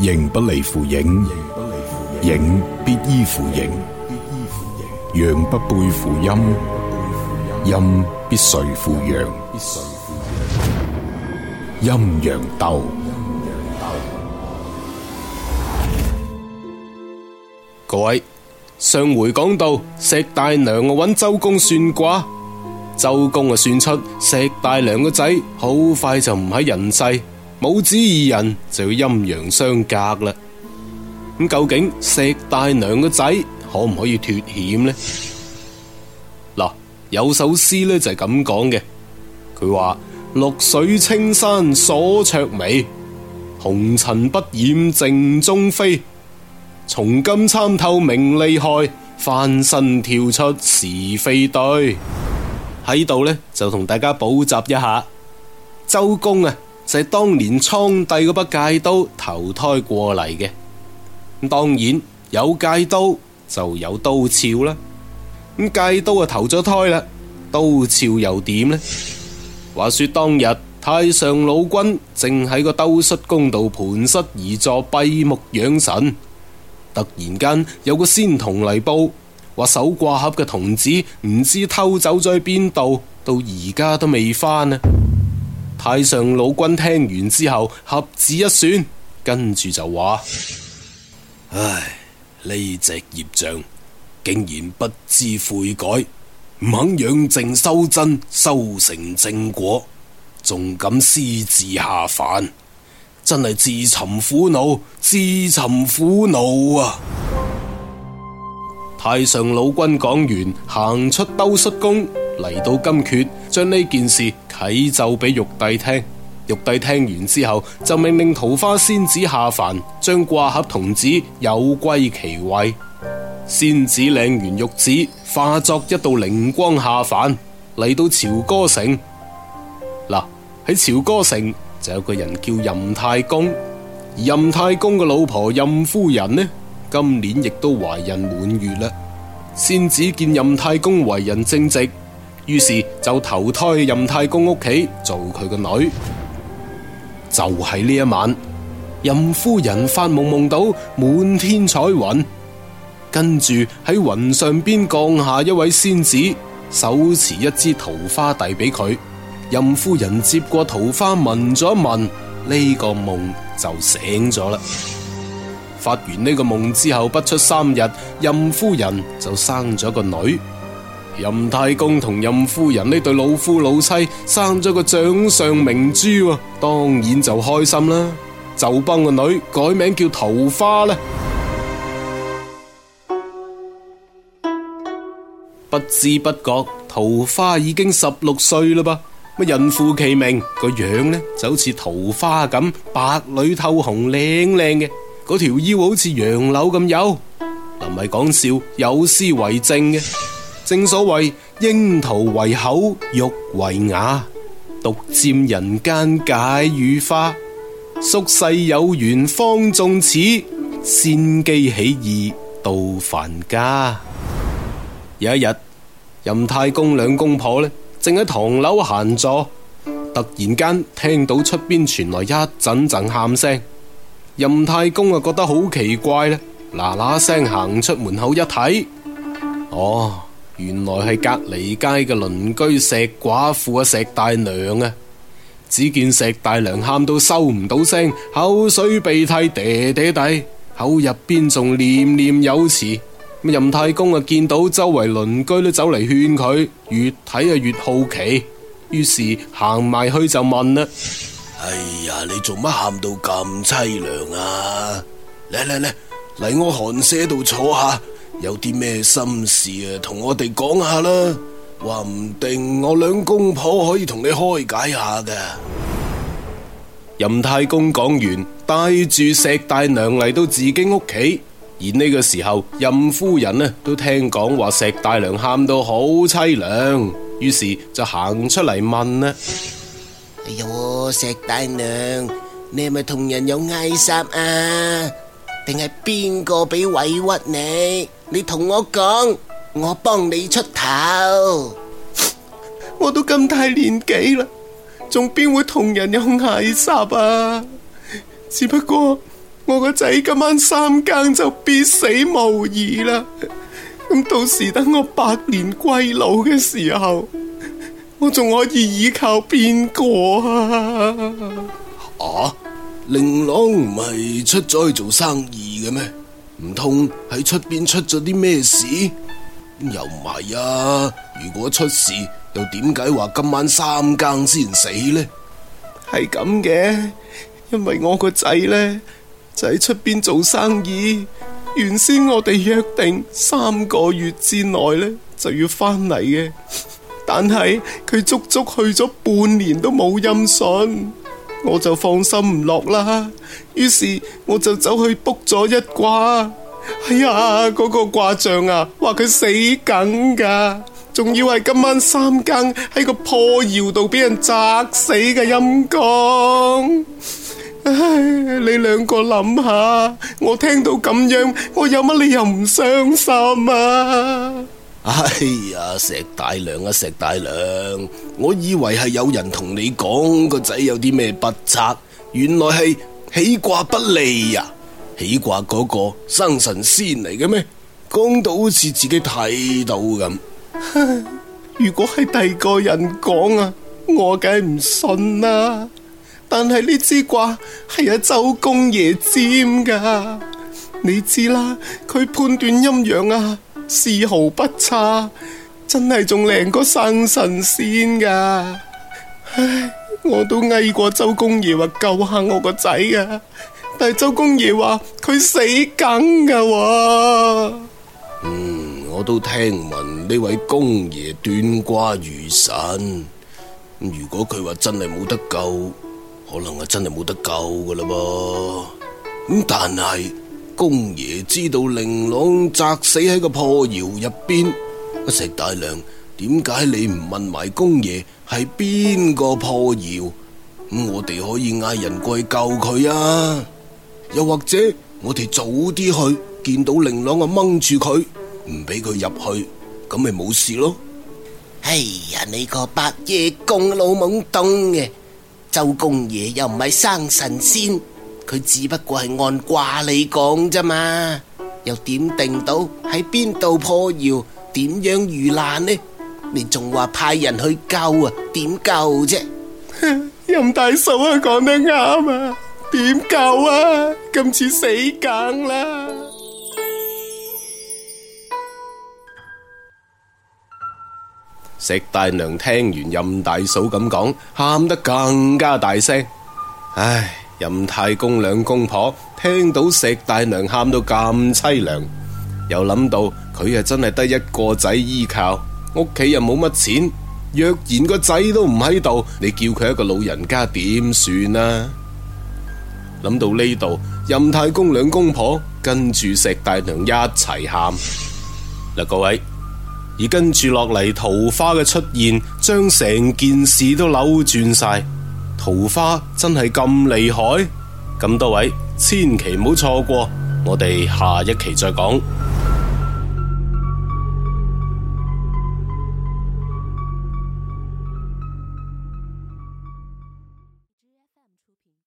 形不離乎影，影必依乎形；陽不背乎陰，陰必隨乎陽。陰陽鬥。各位，上回講到石大娘啊，搵周公算卦，周公就算出石大娘個仔好快就唔喺人世。母子二人就要陰陽相隔啦。咁究竟石大娘嘅仔可唔可以脱險呢？嗱，有首詩呢，就係咁講嘅，佢話：綠水青山鎖雀尾，紅塵不染正中飛。從今參透名利害，翻身跳出是非堆。喺度呢，就同大家補習一下周公啊。就係當年蒼帝嗰把戒刀投胎過嚟嘅，咁當然有戒刀就有刀鞘啦。戒刀啊投咗胎啦，刀鞘又點呢？話說當日太上老君正喺個兜率宮度盤膝而坐閉目養神，突然間有個仙童嚟報，話手掛盒嘅童子唔知偷走咗去邊度，到而家都未返。啊！太上老君聽完之後，合指一算，跟住就話，唉，呢隻孽障竟然，不知悔改，唔肯養正修真，修成正果，仲敢私自下凡，真係自尋苦惱，自尋苦惱啊！太上老君講完，行出兜率宮。嚟到金闕，將呢件事啟奏俾玉帝聽。玉帝聽完之後，就命令桃花仙子下凡，將卦盒童子誘歸其位。仙子領完玉旨，化作一道靈光下凡，嚟到朝歌城。嗱，喺朝歌城就有個人叫任太公，而任太公嘅老婆任夫人呢，今年亦都懷孕滿月啦。仙子見任太公為人正直。於是就投胎任太公屋企做佢個女。就喺呢一晚，任夫人發夢夢到滿天彩雲，跟住喺雲上邊降下一位仙子，手持一支桃花遞俾佢。任夫人接過桃花聞咗一聞，呢個夢就醒咗啦。發完呢個夢之後，不出三日，任夫人就生咗個女。任太公同任夫人呢對老夫老妻生咗個掌上明珠，當然就開心啦，就幫個女改名叫桃花啦。 不知不覺，桃花已經十六歲啦噃。乜人呼其名個樣呢就好似桃花咁白裏透紅，靚靚嘅，嗰條腰好似楊柳咁幼，唔係講笑，有詩為證嘅。.正所謂，櫻桃為口，玉為瓦，獨占人間解語花。宿世有緣方縱此，先機起義到凡家。有一日，任太公兩公婆咧，正喺唐樓閒坐，突然間聽到出邊傳來一陣陣喊聲。任太公啊，覺得好奇怪咧，嗱嗱聲行出門口一睇，哦。原來係隔籬街嘅鄰居石寡婦啊，石大娘啊，只見石大娘喊到收唔到聲，口水鼻涕嗲嗲地，口入邊仲念念有詞。任太公啊見到周圍鄰居都走嚟勸佢，越睇啊越好奇，於是行埋去就問啦，啊：哎呀，你做乜喊到咁淒涼啊？嚟嚟嚟，嚟我寒舍度坐下。有啲咩心事啊？同我哋講下啦，話唔定我兩公婆可以同你開解下嘅。任太公講完，帶住石大娘嚟到自己屋企。而呢個時候，任夫人呢都聽講話石大娘喊到好凄涼，於是就行出嚟問呢：哎喲，石大娘，你係咪同人有嗌殺啊？定係邊個俾委屈你？你同我講，我幫你出頭。我都咁大年紀啦，仲邊會同人有嗌霎啊？只不過我個仔今晚三更就必死無疑啦。咁到時等我百年歸老嘅時候，我仲可以倚靠邊個啊？啊，玲朗唔係出咗去做生意嘅咩？唔通喺出邊出咗啲咩事？又唔係啊！如果出事，又點解話今晚三更先死呢？係咁嘅，因為我個仔呢，就喺出邊做生意。原先我哋約定三個月之內呢，就要翻嚟嘅，但係佢足足去咗半年都冇音訊。我就放心唔落啦，於是我就走去卜咗一卦。哎呀，嗰、那個卦象啊，話佢死緊噶，仲要係今晚三更喺個破窑度俾人砸死嘅陰功。唉、哎，你兩個諗下，我聽到咁樣，我有乜理由唔傷心啊？哎呀，石大娘啊，石大娘，我以為係有人同你講個仔有啲咩不測，原來係起卦不利啊。起卦嗰個生神仙嚟嘅咩？講到好似自己睇到咁。 如果係第個人講啊，我梗係唔信啦。但係呢支卦係阿周公爺占噶，你知啦，佢判斷陰陽啊。絲毫不差，真係仲靚過山神仙噶。唉，我都呓過周公爺話救下我個仔啊，但係周公爺話佢死梗噶喎。嗯，我都聽聞呢位公爺斷卦如神，如果佢話真係冇得救，可能係真係冇得救噶啦噃。咁但係。公爺知道玲朗砸死喺個破窯入邊，石大娘，點解你唔問埋公爺係邊個破窯？咁我哋可以嗌人過去救佢啊！又或者我哋早啲去見到玲朗啊，掹住佢，唔俾佢入去，咁咪冇事咯？哎呀，你個白夜公老懵懂嘅，周公爺又唔係生神仙。佢只不過係按卦理講啫嘛，又點定到喺邊度破窑，點樣遇難呢？你仲話派人去救啊？點救啫？ 任大嫂啊，講得啱啊，點救啊？今次死梗啦！石大娘聽完任大嫂咁講，喊得更加大聲，唉。任太公，兩公婆聽到石大娘喊到咁淒涼，又諗到佢啊真係得一個仔依靠，屋企又冇乜錢，若然個仔都唔喺度，你叫佢一個老人家點算啊？諗到呢度，任太公兩公婆跟住石大娘一齊喊嗱。各位，而跟住落嚟桃花嘅出現，將成件事都扭轉晒。桃花真係咁厲害？咁多位千祈唔好錯過，我哋下一期再講。